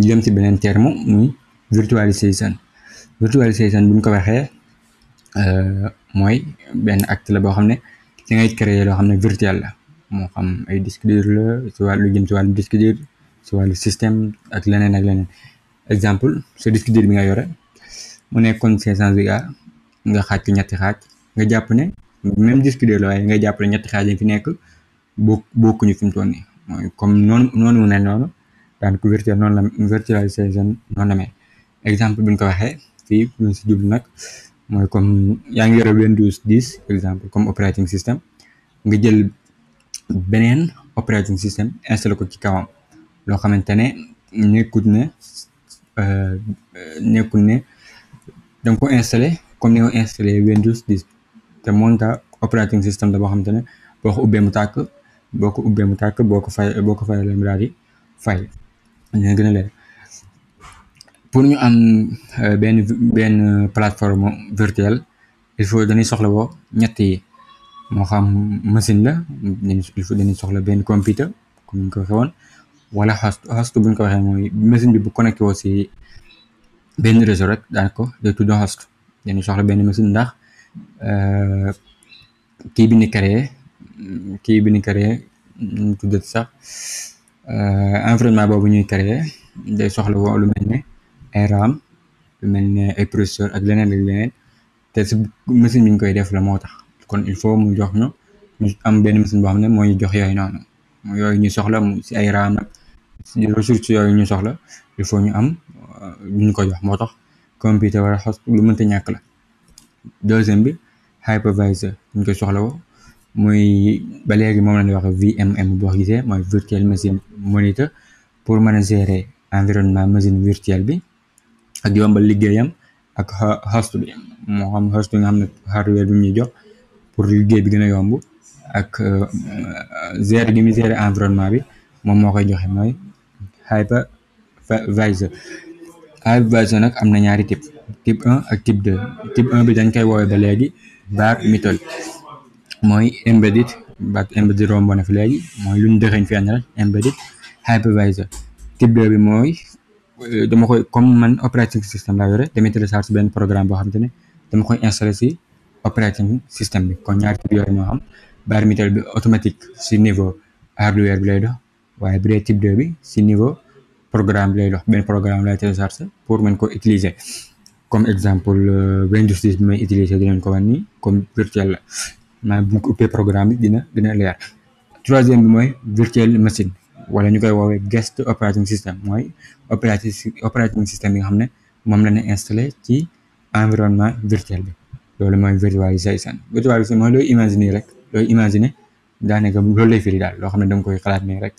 ñu si beneen termo muy virtualisation virtualisation bu ñu ko waxee euh, mooy benn acte la boo xam ne da ngay créer loo xam ne virtuel la moo xam ay disque dur la ci wàllu jëm ci wàllu disque dur ci wàllu système ak leneen ak leneen exemple sa disque dur bi nga yore mu nekkoon 500 giga nga xaaj ko ñetti xaaj nga jàpp ne même disque dur la waaye nga jàpp ne ñetti xaaj yi fi nekk bokk bokkuñu fi mu toll nii mooy comme noonu noonu mu ne noonu daan couverture noonu la virtualisation noonu la mel exemple bi ñu ko waxee fii ñu si jublu nag mooy comme yaa ngi yore Windows 10 par exemple comme operating system nga jël beneen operating system installé ko ci kawam loo xamante ne nekkut ne euh, nekkut ne da ko installé comme ni nga ko installé Windows 10 te monta operating système la boo xamante ne boo ko ubbee mu tàkk boo ko ubbee mu tàkk boo ko fay boo ko fay la mu fay dina gën a leer pour ñu am euh, benn benn plateforme virtuelle il faut dañuy soxla woo ñetti moo xam machine la il faut dañuy soxla benn computer comme ñu ko waxee woon wala host host bu ko waxee mooy machine bi bu connecté woo si benn réseau rek daan ko day tudd host dañuy soxla benn machine ndax euh, kii bi ni créé kii bi ni créé ñu tuddati sax Euh, environnement boobu ñuy créer day soxla woo lu mel ne ay raam lu mel ne ay processeur ak leneen ak leneen te si machine bi ñu koy def la moo tax kon il faut mu jox ñu am benn machine boo xam ne moo ñu jox yooyu noonu yooyu ñu soxla si ay raam ak si yooyu ñu soxla il faut ñu am euh, lu ko jox moo tax computer wala xos lu mënta ñàkk la deuxième bi hyperviseur ñu koy soxla wo mooy ba léegi moom la ñuy wax VMM boo gisee mooy virtual machine monitor pour mën a gérer environnement machine virtuelle bi ak yombal liggéeyam ak host bi moo xam host bi nga xam ne hardware ñuy jox pour liggéey bi gën a yomb ak euh, gérer gi muy gérer environnement bi moom moo koy joxe mooy hypervisor hypervisor nag am na ñaari type type 1 ak type 2 type 1 bi dañ koy woowee ba léegi bare metal mooy embedded baat embedded romb na fi léegi mooy luñ dëxëñ fi ànd rek embedded hypervisor type bi mooy euh, dama koy comme man operating system laa yore damay benn programme boo xam ne dama koy installé si operating system bi kon ñaar type moo ñoo xam bare bi automatique si niveau hardware bi lay dox waaye bu dee type bi si niveau programme bi lay dox benn programme lay télécharge pour man ko utiliser comme exemple euh, Windows 10 bi may utiliser dinañ ko wan nii comme virtuel la maanaam bu ñu programme bi dina dina leer troisième bi mooy virtual machine wala ñu koy woowee guest operating system mooy operating operating system yi nga xam ne moom la ñu installé ci environnement virtuel bi loolu mooy virtualisation virtualisation mooy looy imaginer rek looy imaginer daanaka loolu lay firi daal loo xam ne da koy xalaat nii rek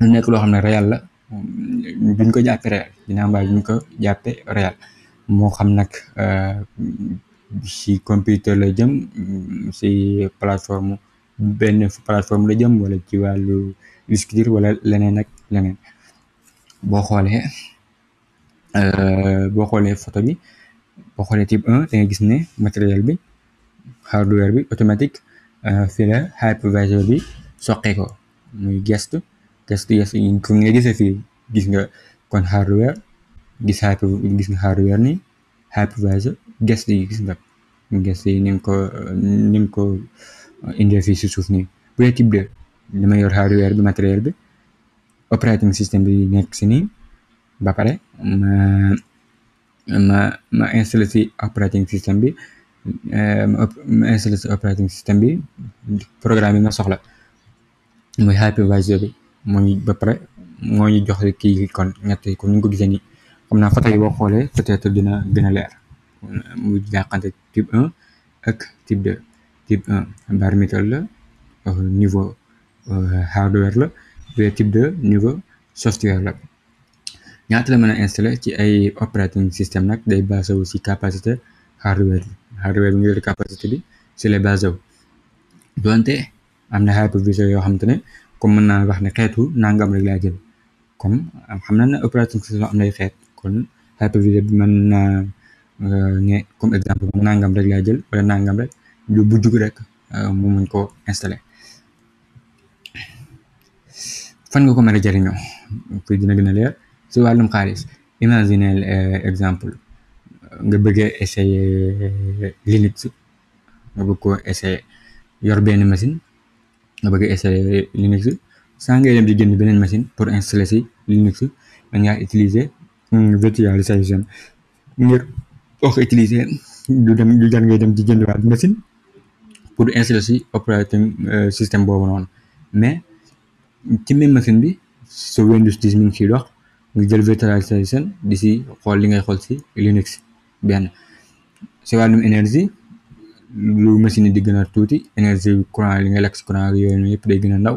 lu nekk loo xam ne réel la duñ ko jàppee réel dina am waaye duñ ko jàppee réel moo xam nag euh, ci computer la jëm ci plateforme benn plateforme la jëm wala ci wàllu disque dur wala leneen ak leneen boo xoolee euh, boo xoolee photo bi boo xoolee type 1 da nga gis ne matériel bi hardware bi automatique euh, fii la hyperviseur bi soqee ko muy gestu gestu gestu nga gisee fii gis nga kon hardware gis hyper gis nga hardware ni geste yi gis nga geste yi ni nga ko ni nga ko uh, indee fii si suuf nii bu dee type 2 dama yor hardware bi matériel bi operating system bi nekk si nii ba pare ma ma ma installé si operating system bi uh, ma installé si operating system bi programme bi ma soxla muy hypervisor bi moo ñu ba pare moo ñu jox kii kon ñett yi comme ni nga ko gisee nii xam naa te yi boo xoolee peut-être dina gën leer. muy dàqante type 1 ak type 2 type 1 bare la euh, niveau euh, hardware la bu type 2 niveau software la ñaata la mën a ci ay operating system nag day basé si capacité hardware bi hardware bi ngir capacité bi si la basé wu doonte am na hyperviseur yoo xamante ne comme mën naa wax ne xeetu nangam rek laa jël comme xam na ne operating system am nay xeet kon hyperviseur bi mën Euh, ne comme nangam rek laa jël wala nangam rek lu bu jug rek euh, mu muñ ko installé fan nga ko ma a jëriñoo si wàllum xaalis imaginel euh, exemple nga bëggee essayer Linux nga bëgg ko essayer yor benn machine nga bëgg essayer Linux saa ngay dem di génn beneen machine pour installer si Linux da ngaa utiliser virtualisation ngir boo ko utiliser du dem du jar ngay dem di jëndiwaat machine pour installer si operating euh, système boobu noonu mais ci même machine bi sa Windows 10 ngi ciy dox nga jël virtualisation di si xool li ngay xool si Linux benn si wàllum énergie lu machine yi di tuuti énergie courant li ngay lekk si courant yooyu noonu yëpp day gën a ndaw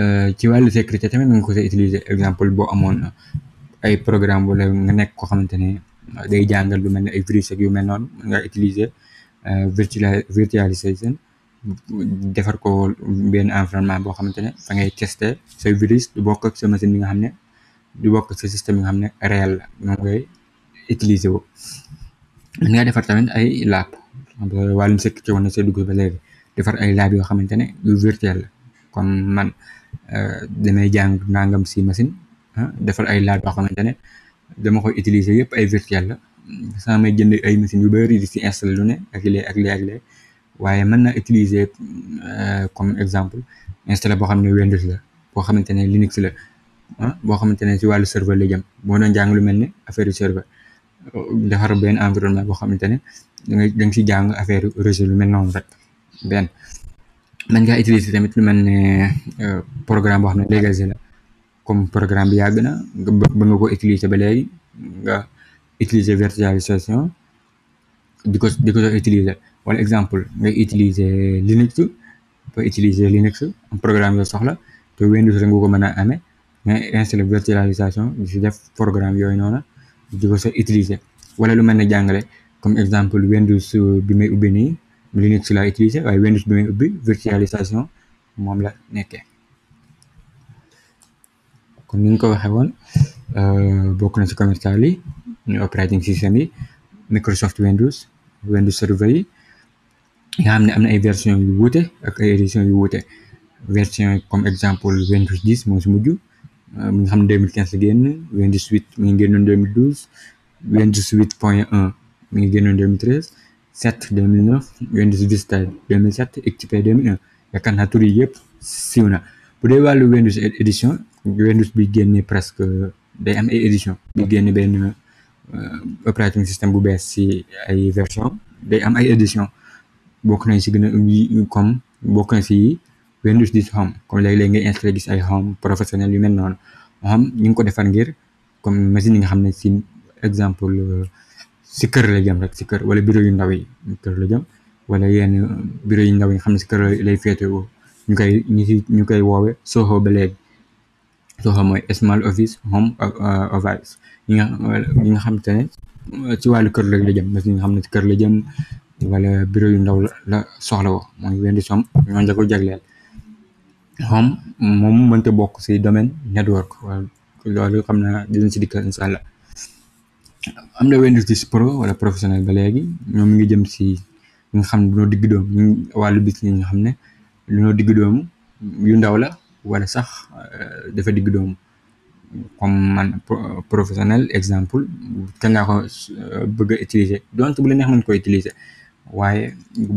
euh, ci wàllu sécurité tamit nga ko see utiliser exemple boo amoon na ay programme wala nga nekk koo xamante ne day jàngal lu mel ne ay virus ak yu mel noonu mën nga utiliser euh, virtualisation defar ko benn environnement boo xamante ne fa ngay tester say virus du bokk ak sa machine bi nga xam ne du bokk ak sa bi nga xam ne réel la moom ngay utiliser wo mën nga defar tamit ay lab wàllum sécurité woon na sa dugg ba léegi defar ay lab yoo xamante ne lu virtuel la comme man euh, damay jàng nangam si machine ah, defar ay lab yoo xamante ne dama koy utiliser yëpp ay virtuel la sama may jënd ay machines yu bëri di si installé lu ne ak lee ak lee waaye mën na utiliser euh, comme exemple installé boo xam ne la boo xamante ne Linux la ah boo xamante ne si wàllu serveur la jëm boo doon jàng lu mel ne affaire yu serveur defar benn environnement boo xamante ne da da nga si jàng affaire réseau lu mel noonu rek benn mën ngaa utiliser tamit lu mel ne euh, programme boo xam ne légalise la comme programme bi yàgg na nga ba nga ko utiliser ba léegi nga utiliser virtualisation di ko di ko utiliser wala exemple nga utiliser Linux ba utiliser Linux am programme yoo soxla te Windows rek ko mën a amee nga installé virtualisation di si def programme yooyu noonu di wala lu man ne jàngale comme exemple Windows bi may ubbi nii Linux la utiliser waaye Windows bi may ubbi virtualisation moom la nekkee. comme ni nga ko waxee woon euh, bokk na ci commercial yi ñu operating system yi Microsoft Windows Windows Server yi nga xam ne am na ay version yu wuute ak ay édition yu wuute version comme exemple Windows 10 moo si mujj euh, mi nga xam ne 2015 la génn Windows 8 mi ngi génnoon 2012 Windows 8 point 1 mi ngi génnoon 2013 7 2009 Windows Vista 2007 XP 2001 yaakaar naa tur yëpp si na bu dee wàllu Windows édition Windows bi génne presque day am ay édition bi génne benn euh, operating system bu bees si ay version day am ay édition bokk nañ si gën a comme bokk nañ si Windows 10 Home comme léegi-léegi ngay installé gis ay Home professionnel yu mel noonu Home ñu ngi ko defar ngir comme machine yi nga xam ne si exemple si euh, kër la jëm rek si kër wala bureau yu ndaw yi kër la wala yenn bureau yu ndaw yi nga xam ne si kër lay féetewoo ñu koy ñu si ñu koy woowe soxoo ba léegi soxla mooy small office home euh, office yi nga yi nga xamante ne euh, ci wàllu kër la jëm machine yi nga xam ne ci kër la jëm wala bureau yu ndaw la soxla woo mooy wendi som ñoo njëkk a jagleel home moom mënta bokk si domaine network wala loolu xam naa dinañ si dikkal incha allah am na Windows 10 pro wala professionnel ba léegi ñoom ngi jëm si yi xam ne dañoo digg doomu wàllu bis yi nga xam ne dañoo digg yu ndaw la wala sax euh, defa digg doomu comme man euh, professionnel exemple kan laa ko euh, bëgg a utiliser donte bu la neex mën ko utiliser waaye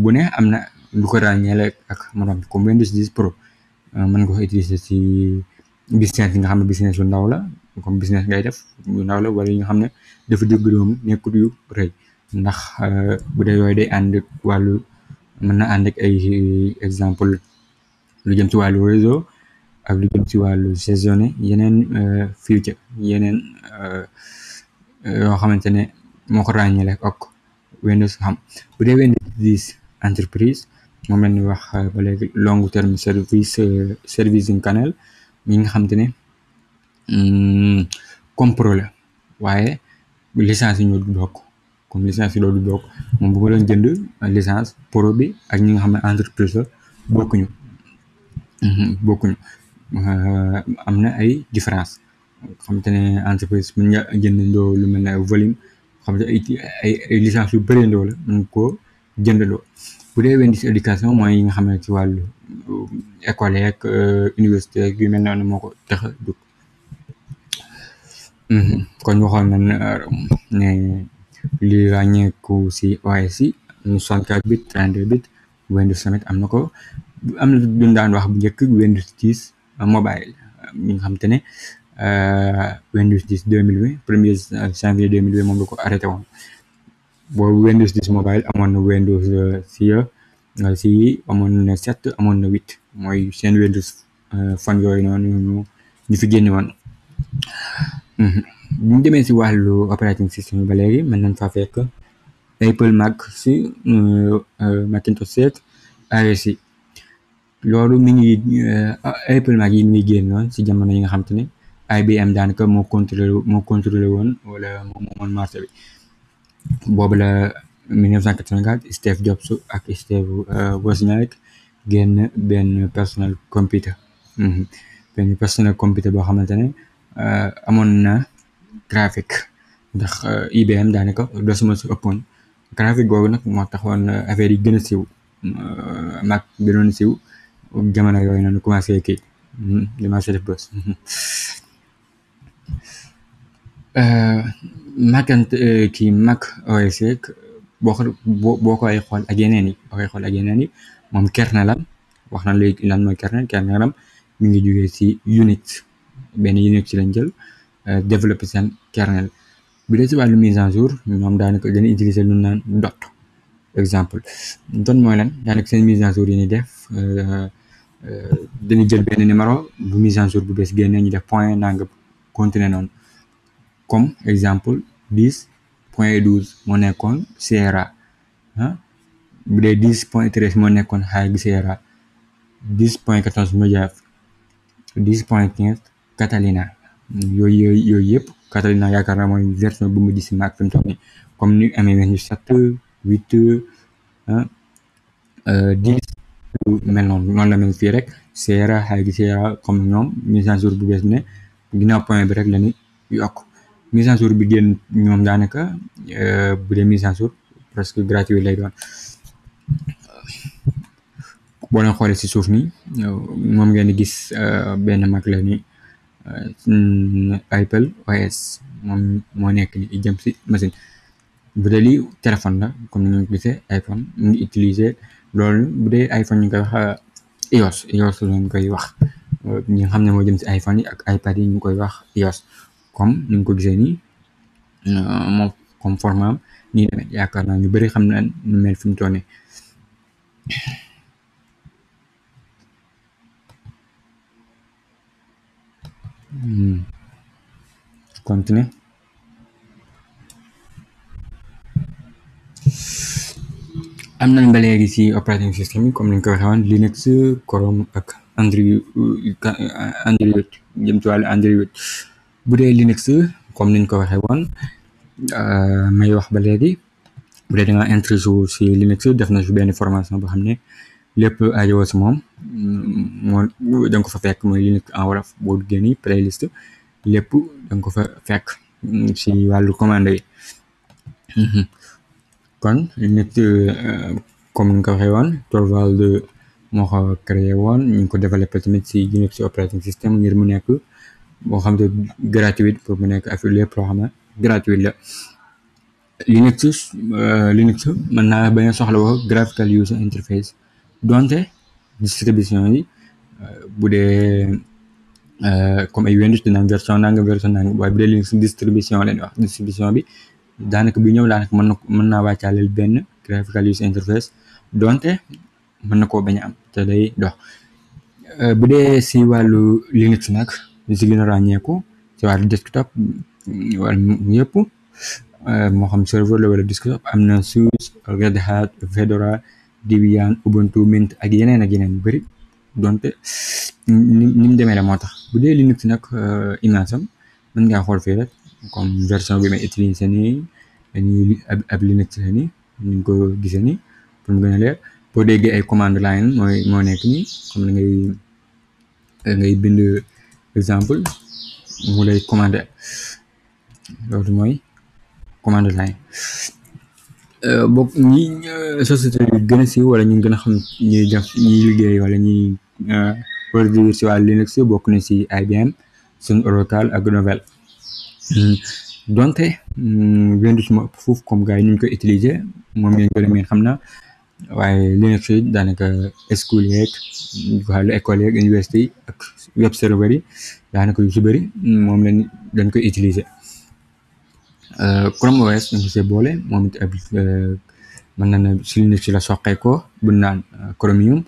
bu ne am na lu ko ràññeele ak morom bi comme Windows 10 Pro mën nga ko utiliser ci business yi nga xam ne business yu ndaw la comme business ngay def yu ndaw la wala yi nga xam ne dafa digg doomu nekkut yu rëy ndax bu dee yooyu day ànd wàllu mën na ànd ak ay exemple lu jëm ci wàllu réseau ak lu jëm ci wàllu gestionné yeneen euh, future yeneen euh, yoo xamante ne moo ko ràññeele ak Windows xam bu dee Windows 10 entreprise moom leen wax euh, ba léegi long terme service servicing canal ñi nga xamante ne hmm, compro la waaye licence yi ñoo du bokk comme licence yi loolu bokk moom bu ma doon jënd licence pro bi ak ñi nga xam ne entreprise la bokkuñu hmm, bokkuñu Euh, am na ay différence xam ne entreprise mën nga jëndandoo lu mel ne ay volume xam te ay ay licence yu bëreendoo la mën koo jëndandoo bu dee wendis éducation mooy yi nga xam ne ci wàllu euh, école yeeg euh, université yeeg yu mel noonu moo ko tax a mhm. kon waxoon nañ ne li ràññeeku si OS yi am na 64 bit 32 bit Windows tamit am na ko am na duñ daan wax bu njëkk Windows Euh, mobile euh, mi nga xam te ne euh, Windows mil 2020 premier janvier 2020 moom la ko arrêté woon boobu Windows 10 mobile amoon na Windows CE si amoon na sept amoon na huit mooy seen Windows fan yooyu noonu ñu fi génne woon mhm. ñu demee si wàllu operating system ba léegi mën nañ fa fekk Apple Mac si Macintosh si ak loolu mi ngi euh, Apple Mac yi mi ngi génnoon si jamono yi nga xam te ne IBM daanaka moo contrôlé moo contrôlé woon wala moo moomoon marché bi boobu la 1984 Steve Jobs ak Steve euh, Wozniak génn benn personal computer mhm. benn personal computer boo xamante ne euh, amoon na graphique ndax IBM daanaka dosuma si ëppoon graphique boobu nag moo taxoon affaire yi gën a siiw Mac gënoon siiw jamono yooyu noonu commencé kii commencé def bës euh, Mac euh, kii Mac OS yeeg boo ko boo koy xool ak yeneen yi xool ak yeneen yi moom kernelam wax na léegi lan mooy kernel kernelam mi ngi jógee ci unit benn unit ci lañ jël euh, développé seen kernel bi dee ci wàllu mise en jour moom daanaka dañu utiliser lu naan dot exemple dot mooy lan daanaka seen mise à jour yi ñuy def Euh, dañu jël benn numéro bu mise en jour bu bees génnee ñu def point nangam continuer noonu comme exemple 10 point moo nekkoon cra ah bu dee point 13 moo nekkoon High Sierra 10 point 14 Mojave 10 point 15 Catalina yooyu yooyu yooyu yëpp Catalina yaakaar naa mooy version bu mu gis maag fi mu toll nii comme ni amee ñu 7 8 10 mel noonu noonu la mel fii rek seera xay gi comme ñoom mise à bu bees ne ginnaaw point bi rek la yokk mise à bi génn ñoom daanaka euh, bu dee mise à jour presque gratuit lay doon boo leen xoolee si suuf nii moom ngeen di gis euh, benn mag la ni euh, Apple OS moom moo nekk ni jëm si machine bu dee téléphone la comme ni ñu gisee iPhone mu ngi loolu bu dee iPhone ñu koy wax euh, iOS iOS lañ koy wax euh, ñi xam ne moo jëm si iPhone yi ak iPad yi ñu koy wax iOS comme ni nga ko gisee ni euh, moom comme format am nii demee yaakaar naa ñu bëri xam na nu mel fi mu toll nii hmm. continuer am nañ ba léegi si operating system yi comme ni ñu ko waxee woon Linux Chrome ak Android Android jëm ci wàllu Android bu dee Linux comme ni ñu ko waxee woon euh, may wax ba léegi bu dee da nga intéressé wu si Linux def na si benn formation boo xam ne lépp ajowoo si moom moo da ko fa fekk mooy Linux en wolof boo duggee nii playlist lépp da ko fa fekk si wàllu commande yi kon nit euh, comme ni nga ko waxee woon Torvald moo ko créé woon ñu ngi ko per tamit si Linux operating system ngir mu nekk boo xam te gratuit pour mu nekk affilié programme gratuit la Linux euh, Linux mën naa ba a soxla woo graphical user interface donte distribution yi euh, bu dee comme ay Windows dina am version nangam version nangam waaye bu dee Linux distribution leen wax distribution bi daanaka bi ñëw daanaka mën na mën naa wàccaaleel benn graphical user interface donte mën na koo bañ am te day dox euh, bu dee si wàllu Linux nag si gën a ràññeeku si wàllu desktop wala yëpp euh, moo xam serveur la wala desktop am na SUSE Red Hat Fedora Debian Ubuntu Mint ak yeneen ak yeneen bëri donte ni ni demee moo tax bu dee Linux nag euh, image am mën ngaa xool fii rek comme version bi may utiliser nii dañuy ab Linux la ni ñu ko gisee ni pour mu gën boo déggee ay command line mooy moo nekk nii comme da ngay ngay bind exemple mu lay commandé loolu mooy command line euh, bokk ñi euh, société yu gën a wala ñu gën a xam ñuy def ñuy liggéey wala ñuy euh, produire si wàllu Linux bokk na si IBM Sun Oracle ak Novell Euh, donte mm, Windows moo ëpp foofu comme yi ni ñu koy utiliser moom ngeen ko demee xam na waaye Linux yi daanaka school yeeg wàllu école yeeg université ak web server yi daanaka yu si bëri moom lañ dañ koy utiliser euh, Chrome OS dañ ko see boole moom it ab euh, mën na ne si Linux la soqee ko bu naan Chromium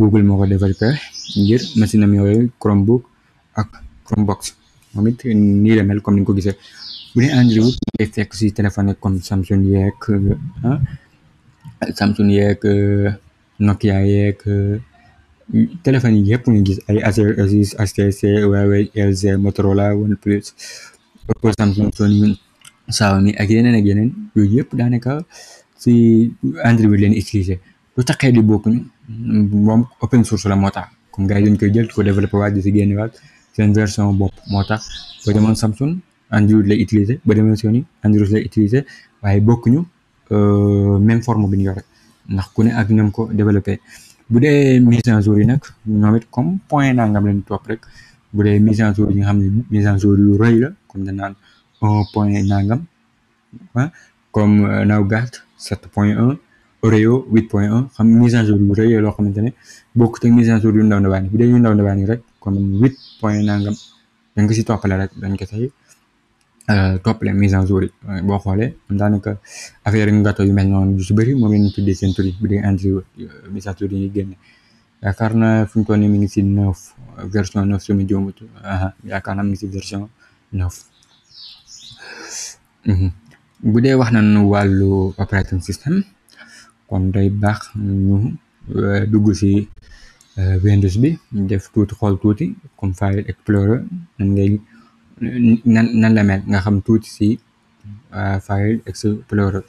Google moo ko développé ngir machine am yooyu Chromebook ak Chromebox moom it nii la comme ni ko gisee bu dee Android ngay fekk si téléphone comme Samsung yeeg ah, Samsung yeeg Nokia yeeg téléphone yi yëpp ñu gis ay Acer Asus HTC Huawei Motorola OnePlus Oppo Samsung Sony Xiaomi ak yeneen ak yeneen yooyu yëpp daanaka si Android bi leen utiliser lu taxee di bokkuñu moom open source la moo tax comme gars yi koy jël ko développé waat si génne waat seen version bopp moo tax ba demoon Samsung Android lay utiliser ba demoon Sony Android lay utiliser waaye bokkuñu euh, même forme bi ñu yore ndax ku ne ak ñoom ko développé bu dee mise en jour yi nag ñoom it comme point nangam leen topp rek bu dee mise en jour yi nga xam ne mise en jour yu rëy la comme naan un point nangam ah comme euh, Nougat sept point un Oreo huit point un xam en jour yu rëy loo xamante ne bokkut ak mise en jour ndaw ndawaan bu dee yu ndaw ndawaan yi rek comme huit point nangam dañ ko si toppale rek dañ ko say euh, toppale mise en jour euh, boo xoolee daanaka affaire yu gàtto yu mel si bëri moom la ñu tuddee di entri euh, mise en jour yi génne yaakaar na fi mu ngi si neuf version neuf su yaakaar na mi ngi si version mhm. bu dee wax nañu wàllu operating system kon day baax ñu dugg si Euh, Windows bi def tuuti xool tuuti comme File Explorer nan la mel nga xam tuuti si euh, File Explorer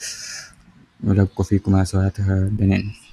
wala ko fi commencé waat euh, beneen